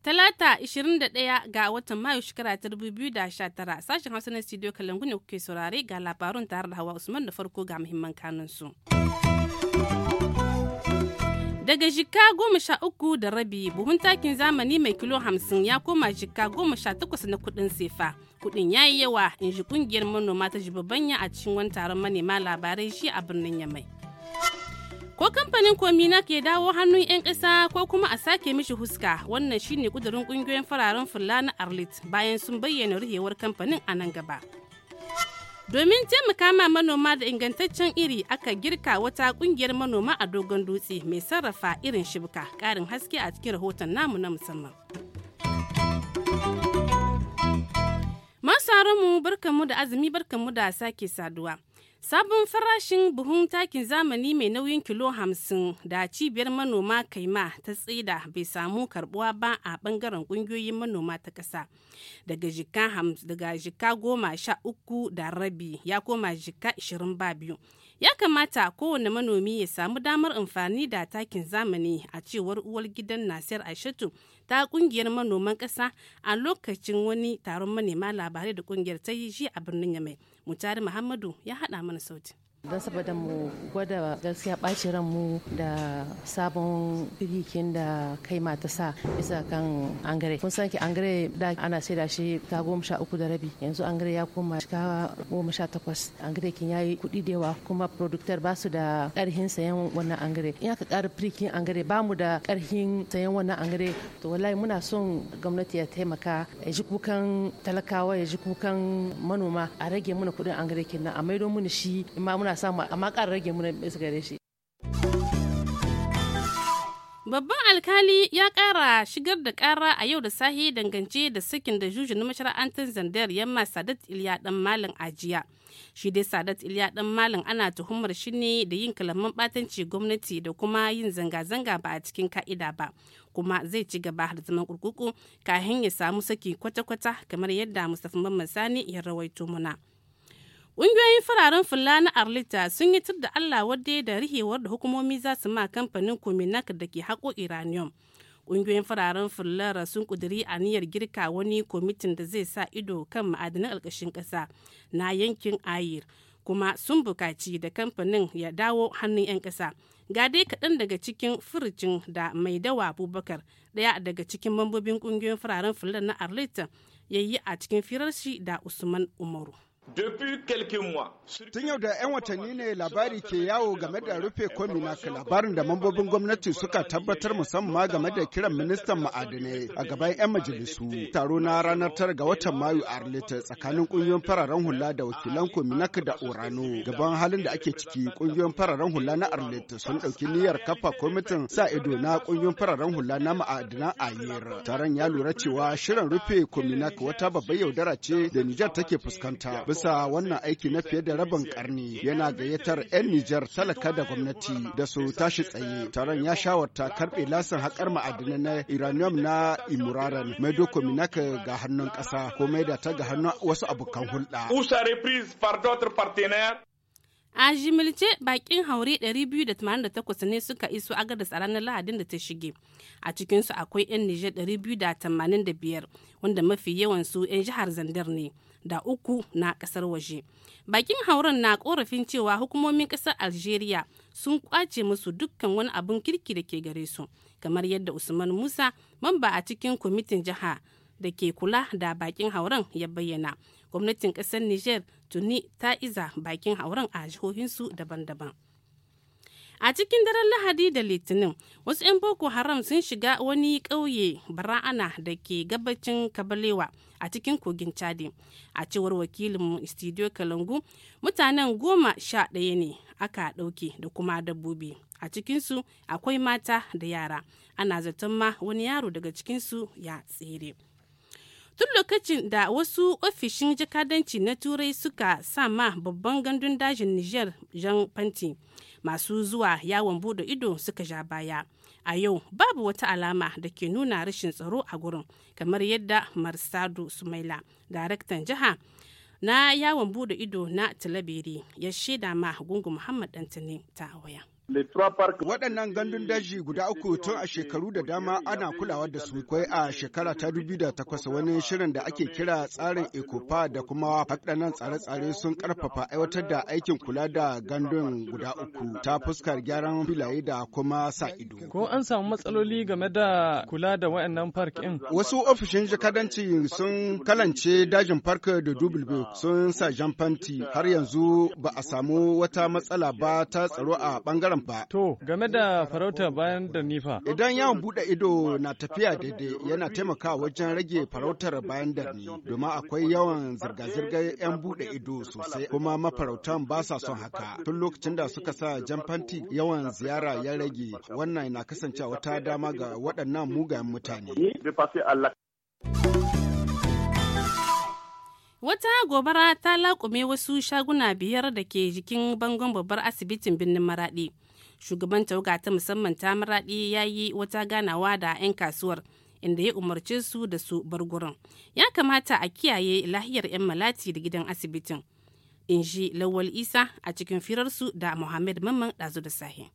Talata 21 ga watan Mayu shekara ta 2019 sashen Hausa na studio Kalangu ne kuke saurare ga labarun tare da Hawa Usman da farko ga muhimman kanunsu. su. daga jika goma sha uku da rabi buhun takin zamani mai kilo hamsin ya koma jika goma sha takwas na kudin sefa kudin ya yi yawa in ji kungiyar manoma ta jibabanya a cikin wani taron manema labarai shi a birnin yamai ko kamfanin komina ke dawo hannun 'yan ƙasa ko kuma a sake mishi huska wannan shine kudurin kungiyoyin fararen fulla na arlit bayan sun bayyana ruhewar kamfanin a nan gaba Domin taimaka ma manoma da ingantaccen iri aka girka wata kungiyar manoma a dogon dutse mai sarrafa irin shibka ƙarin haske a cikin rahoton namu na musamman. Masu mu barkanmu da azumi barkanmu da sake saduwa. Sabon farashin buhun takin zamani mai nauyin kilo hamsin da cibiyar manoma kaima ta tsida bai samu karbuwa ba a bangaren kungiyoyin manoma ta ƙasa. Daga jika daga jika goma sha uku da rabi ya koma jika ishirin ba biyu. Ya kamata kowane manomi ya samu damar amfani da takin zamani a cewar uwar gidan Nasir Aishatu ta kungiyar manoman ƙasa a lokacin wani taron manema labarai da kungiyar ta yi shi a birnin Yamai. Mutari Muhammadu ya hada mana sauti. don saboda mu gwada gaskiya ɓaci mu da sabon birikin da kai mata sa bisa kan angare kun san ki angare da ana sai da shi ta goma sha uku da rabi yanzu angare ya koma ka goma sha takwas angare kin yayi kuɗi da yawa kuma producteur ba su da ƙarhin sayan wannan angare in aka ƙara birikin angare ba mu da ƙarhin sayan wannan angare to wallahi muna son gwamnati ya taimaka ya ji kukan talakawa ya ji kukan manoma a rage mana kuɗin angare kin nan a maido muni shi ma muna samu amma ƙara rage muna bisa gare shi Babban alkali ya kara shigar da kara a yau da sahi dangance da sakin da juju na mashara'antar zandar yamma Sadat Iliya dan Malam ajiya. Shi dai Sadat Iliya dan Malam ana tuhumar shi ne da yin kalaman batanci gwamnati da kuma yin zanga-zanga ba a cikin ka'ida ba. Kuma zai ci gaba har zaman kurkuku kafin ya samu saki kwata-kwata kamar yadda Mustapha Mamman Sani ya rawaito muna. Ƙungiyoyin fararen fulla na Arlita sun yi da Allah wadda da rihewar da hukumomi za su ma kamfanin kuminak da ke haƙo Iranium. Ƙungiyoyin fararen fular sun ƙudiri aniyar girka wani kwamitin da zai sa ido kan ma'adanan alƙashin ƙasa na yankin Ayir. Kuma sun buƙaci da kamfanin ya dawo hannun 'yan ƙasa. Ga dai kaɗan daga cikin furucin da mai dawa Abubakar ɗaya daga cikin mambobin ƙungiyoyin fararen fular na Arlita ya yi a cikin firar shi da Usman Umaru. Tun yau da 'yan watanni ne labari ke yawo game da rufe kominaka labarin da mambobin gwamnati suka tabbatar musamman game da kiran ministan ma'adinai a gaban 'yan majalisu. Taro na ranar tara ga watan Mayu a Arlita tsakanin kungiyoyin fararen hula da wakilan kominaka da Orano. Gaban halin da ake ciki kungiyoyin fararen hula na Arlita sun ɗauki niyyar kafa kwamitin sa ido na kungiyoyin fararen hula na ma'adinan Ayer. Taron ya lura cewa shirin rufe kominaka wata babbar yaudara ce da Nijar take fuskanta. bisa wannan aiki na fiye da rabin karni yana gayyatar 'yan Nijar talaka da gwamnati da su tashi tsaye. Taron ya shawarta karɓe lasin haƙar ma'adinai na Iranium na imuraran mai dokomi ga hannun ƙasa ko mai da ta ga hannun wasu abokan hulɗa. A jimilce bakin haure 288 ne suka iso agadas a ranar Lahadin da ta shige. A cikinsu akwai 'yan Nijar 285 wanda mafi yawan su 'yan jihar Zandar ne da uku na kasar waje. Bakin hauren na korafin cewa hukumomin kasar Algeria sun kwace musu dukkan wani abin kirki da ke gare su, kamar yadda Usman Musa, mamba a cikin kwamitin jiha da ke kula da bakin hauren ya bayyana gwamnatin ƙasar niger tuni ta iza bakin hauren a jihohinsu daban-daban a cikin daren lahadi da litinin wasu 'yan boko haram sun shiga wani ƙauye bara'ana da ke gabacin kabalewa a cikin kogin chadi a cewar wakilin studio kalangu mutanen goma sha ɗaya ne aka ɗauke da kuma dabbobi a cikinsu akwai mata da yara ana zaton ma wani yaro daga cikinsu ya tsere tun lokacin da wasu ofishin jakadanci na turai suka sama babban gandun dajin niger jan fanti masu zuwa yawon bude ido suka ja baya a yau babu wata alama da ke nuna rashin tsaro a gurin kamar yadda marsadu sumaila daraktan jiha na yawon bude ido na talabiri ya shaida ma gungun muhammad dantane ta waya. Waɗannan gandun daji guda uku tun a shekaru da dama ana kulawa da su kwai a shekara ta takwas wani shirin da ake kira tsarin ecopa da kuma waɗannan tsare-tsare sun ƙarfafa aiwatar da aikin kula da gandun guda uku ta fuskar gyaran filaye da kuma sa ido. Ko an samu matsaloli game da kula da waɗannan park in? Wasu ofishin jakadanci sun kalance dajin park da Dubulbe sun sa jamfanti har yanzu ba a samu wata matsala ba ta tsaro a ɓangaren ba. To, game da farauta bayan da nifa. Idan yawon buɗe ido na tafiya daidai yana taimakawa wajen rage farautar bayan da ni, domin akwai yawan zirga-zirgar 'yan buɗe ido sosai, kuma mafarautan ba sa son haka. Tun lokacin da suka sa jan fanti yawan ziyara ya rage, wannan na kasancewa wata dama ga waɗannan mugayen mutane. Wata gobara ta laƙume wasu shaguna biyar da ke jikin bangon babbar asibitin birnin Maraɗi. Shugaban tauga ta musamman ta Maraɗi ya yi wata ganawa da 'yan kasuwar inda ya umarci su da su bar gurin. Ya kamata a kiyaye lahiyar 'yan malati da gidan asibitin. In ji Lawal Isa a cikin firarsu da Mohammed Mamman ɗazu da sahi.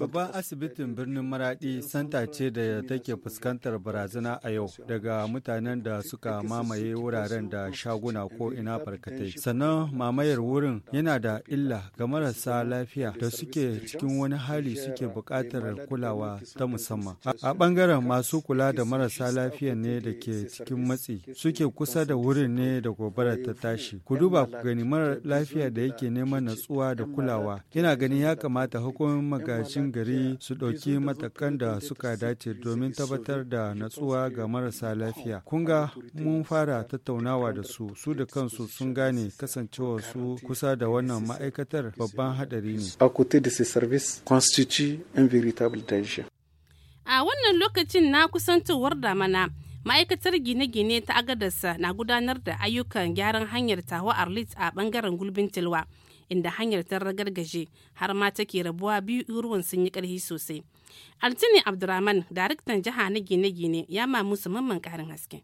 Babban asibitin birnin Maraɗi santa ce da take fuskantar barazana a yau daga mutanen da suka mamaye wuraren da shaguna ko ina barkatai. Sannan mamayar wurin yana da illa ga marasa lafiya da suke cikin wani hali suke buƙatar kulawa ta musamman. A ɓangaren masu kula da marasa lafiya ne da ke cikin matsi suke kusa da wurin ne da gobarar ta tashi. Ku duba ku gani mara lafiya da yake neman natsuwa da kulawa. Ina ganin ya kamata kamata hukumomin magajin gari su ɗauki matakan da suka dace domin tabbatar da natsuwa ga marasa lafiya. Kun ga mun fara tattaunawa da su, su da kansu sun gane kasancewar su kusa da wannan ma'aikatar babban haɗari ne. A wannan lokacin na kusantowar mana ma'aikatar gine-gine ta agadarsa na gudanar da ayyukan gyaran hanyar tawa arlit a bangaren gulbin tilwa inda hanyar ta ragargaje har ma take rabuwa biyu ruwan sun yi ƙarfi sosai. Altini Abdurrahman, daraktan jiha na gine-gine ya ma musu mamman ƙarin hasken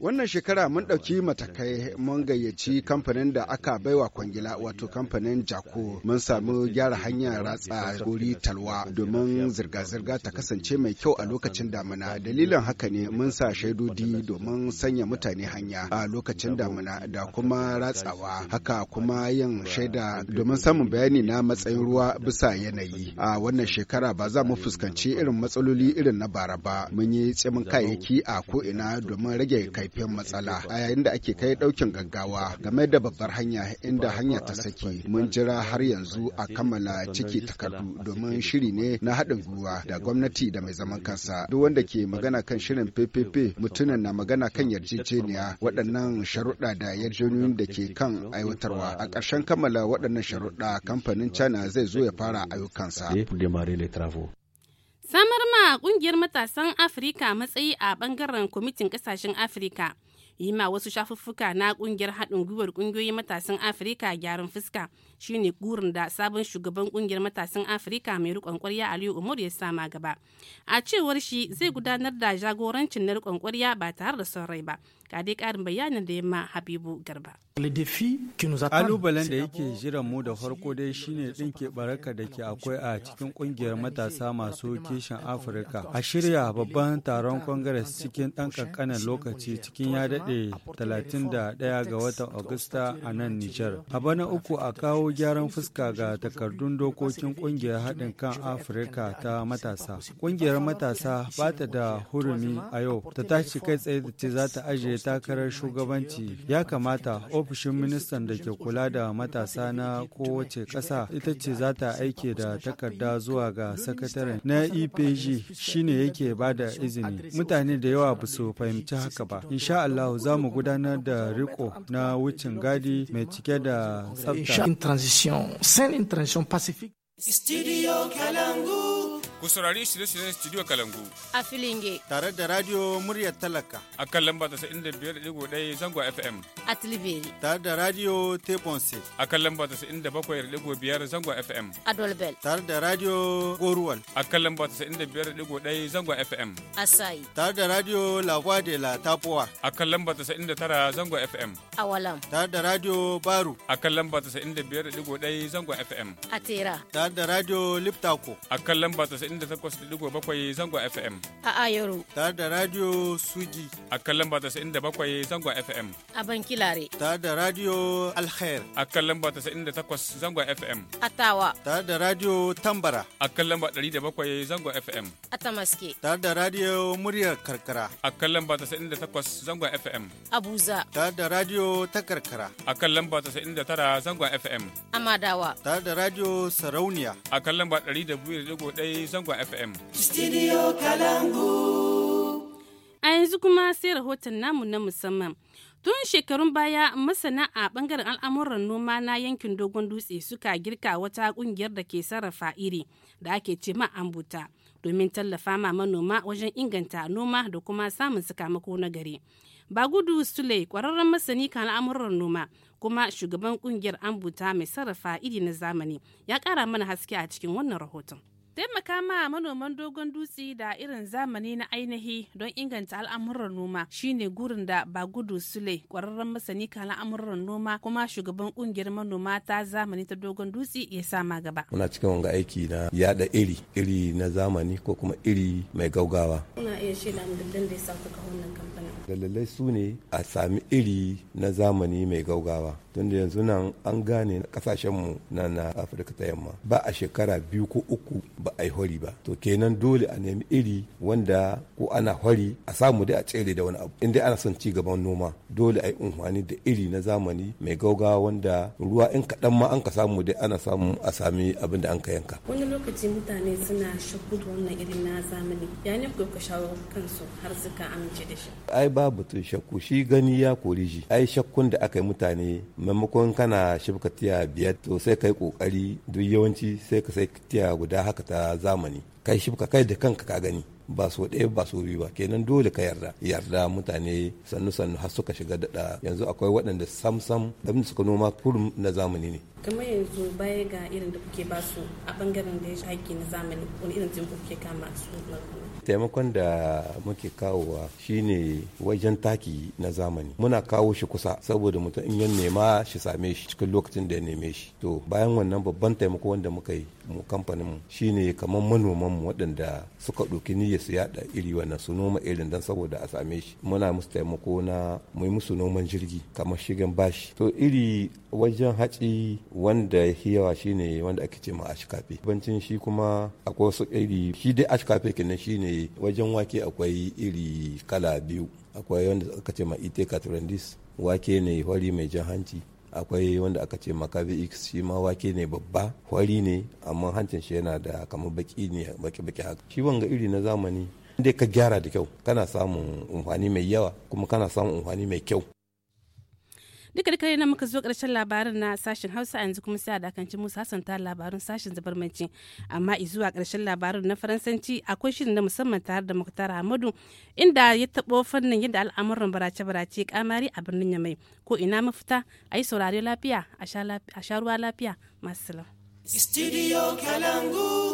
Wannan shekara mun ɗauki matakai mun gayyaci kamfanin da aka baiwa kwangila wato kamfanin Jako mun samu gyara hanya ratsa guri talwa domin zirga-zirga ta kasance mai kyau a lokacin damina. Dalilin haka ne mun sa shaidodi domin sanya mutane hanya a lokacin damina da kuma ratsawa haka kuma yin shaida domin samun bayani na matsayin ruwa bisa yanayi. A wannan shekara ba za mu fuskanci irin matsaloli irin na bara ba mun yi tsimin kayayyaki a ko ko'ina domin rage kaifin matsala a yayin da ake kai ɗaukin gaggawa game da babbar hanya inda hanya ta saki mun jira har yanzu a kammala ciki takardu domin shiri ne na haɗin gwiwa da gwamnati da mai zaman kansa duk wanda ke magana kan shirin ppp mutumin na magana kan yarjejeniya waɗannan sharuɗa da yarjejeniyoyin da ke kan aiwatarwa a ƙarshen kammala waɗannan sharuɗa kamfanin china zai zo ya fara ayyukansa Samar ma kungiyar matasan Afirka matsayi a bangaren kwamitin kasashen Afirka. Yi ma wasu shafuffuka na kungiyar haɗin gwiwar kungiyoyin matasan Afirka gyaran fuska shine gurin da sabon shugaban kungiyar matasan afirka mai rikon kwarya aliyu umar ya sama gaba a cewar shi zai gudanar da jagorancin na rikon kwarya ba tare da son rai ba ga dai karin bayanin da yamma habibu garba kalubalen da yake jiran mu da farko dai shine dinke baraka da ke akwai a cikin kungiyar matasa masu kishin afirka a shirya babban taron congress cikin ɗan kankanan lokaci cikin ya daɗe 31 ga watan agusta a nan nijar a bana uku a kawo gyaran fuska ga takardun dokokin kungiyar haɗin kan Afirka ta matasa. Kungiyar matasa ba ta da hurumi a yau ta tashi kai tsaye da ce za ta ajiye takarar shugabanci. Ya kamata ofishin ministan da ke kula da matasa na kowace ƙasa ita ce za ta aike da takarda zuwa ga sakataren na EPG shine yake ba da izini. Mutane da yawa ba su fahimci haka ba. Insha allahu za mu gudanar da riko na wucin gadi mai cike da tsafta. C'est saine, une pacifique. Ku saurari shirye-shiryen Studio Kalangu. A Filinge. Tare da Radio Muryar Talaka. A kan lamba ɗaya zango FM. A Tilibiri. Tare da Radio Tebonse. A kan lamba biyar zango FM. A Dolbel. Tare da Radio Goruwal. A kan lamba ɗaya zango FM. A Sai. Tare da Radio Lagwa de la Tapuwa. A kan lamba tara zango FM. A Walam. Tare da Radio Baru. A kan lamba ɗaya zango FM. A Tera. Tare da Radio Liptako. A kan lamba 98.7 zangon FM. A Ayoro. Tare da Radio suji. A kan lamba bakwai zangon FM. A Bankilare. Tare da Radio Alkhair. A kan lamba takwas zangon FM. A Tawa. Tare da Radio Tambara. A kan lamba bakwai zangon FM. A Tamaske. Tare da Radio Muryar Karkara. A kan lamba takwas zangon FM. A Buza. Tare da Radio ta Karkara. A kan lamba tara zangon FM. A Madawa. Tare da Radio Sarauniya. A kan lamba ɗaya. zangon FM. Studio Kalangu. A yanzu kuma sai rahoton namu na musamman. Tun shekarun baya masana a bangaren al'amuran noma na yankin dogon dutse suka girka wata kungiyar da ke sarrafa iri da ake ce ma ambuta domin tallafa ma manoma wajen inganta noma da kuma samun sakamako na gari. ba gudu sule kwararren masani kan al'amuran noma kuma shugaban kungiyar ambuta mai sarrafa iri na zamani ya kara mana haske a cikin wannan rahoton Taimaka ma manoman dogon dutse da irin zamani na ainihi don inganta al'amuran noma shine gurin da ba gudu sule kwararren masani kan al'amuran noma kuma shugaban kungiyar manoma ta zamani ta dogon dutse ya sama gaba. Muna cikin wanga aiki na yada iri iri na zamani ko kuma iri mai gaugawa. Muna iya shaida mu da ya sa kuka wannan dalilai su ne a sami iri na zamani mai gaugawa tunda yanzu nan an gane kasashenmu na na afirka ta yamma ba a shekara biyu ko uku ba a yi hori ba to kenan dole a nemi iri wanda ko ana hori a samu dai a tsere da wani abu inda ana son ci gaban noma dole a yi unhwani da iri na zamani mai gaugawa wanda ruwa in kaɗan ma an ka samu dai ana samu a sami abin da an ka yanka wani lokaci mutane suna shakku wannan irin na zamani ya ne ku shawo kansu har suka amince da shi ba batun shakku shi gani ya kori shi ai shakkun da aka yi mutane maimakon kana shibka tiya biyar to sai yi kokari duk yawanci sai ka sai tiya guda haka ta zamani kai shibka kai da kanka ka gani ba so ɗaya ba so biyu ba kenan dole ka yarda yarda mutane sannu sannu har suka shiga daɗa yanzu akwai waɗanda sam sam abin suka noma kurum na zamani ne kamar yanzu baya ga irin da kuke ba su a bangaren da ya shaƙi na zamani wani irin jin kuke kama su taimakon da muke kawowa shine wajen taki na zamani muna kawo shi kusa saboda mutum in ya nema shi same shi cikin lokacin da ya neme shi to bayan wannan babban taimako wanda muka yi mu kamfanin mu shine kamar manoman mu waɗanda suka ɗauki niyyar su yaɗa iri wannan su noma irin dan saboda a same shi muna musu taimako na mu musu noman jirgi kamar shigan bashi to iri wajen haci wanda yafi yawa shine wanda ake ce ma ashkafe bancin shi kuma akwai wasu iri shi dai ashkafe kenan shine wajen wake akwai iri kala biyu akwai wanda aka ce ma ite wake ne hori mai jan hanci akwai wanda aka ce makabi x shi ma wake ne babba hwari ne amma hancin shi yana da kamar baki ne baki baki haka shi wanga iri na zamani dai ka gyara da kyau kana samun amfani mai yawa kuma kana samun amfani mai kyau duka duka na muka zo karshen labarin na sashen hausa yanzu kuma sai a dakanci musu ta labarin sashen zabarmanci amma zuwa karshen labarin na faransanci akwai shirin na musamman tare da muktar ahmadu inda ya taɓo fannin yadda al'amuran barace barace kamari a birnin yamai ko ina mafita a yi saurari lafiya a sha ruwa lafiya masu salam. Studio Kalangu.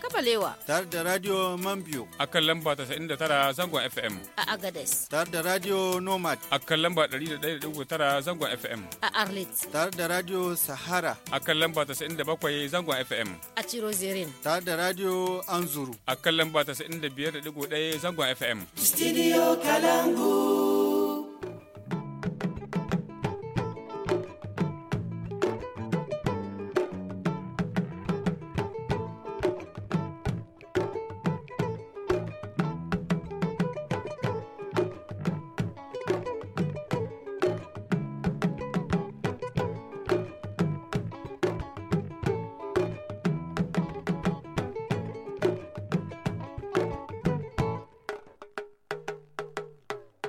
Kabalewa. Tare da Radio Mambio. A kan lamba 99 zangon FM. A Agades. Tare da Radio Nomad. A kan lamba 101.9 zangon FM. A Arlit. Tare da Radio Sahara. A kan lamba 97 zangon FM. A Chirozirin. Tare da Radio Anzuru. A kan lamba 95.1 zangon FM. Studio Kalangu.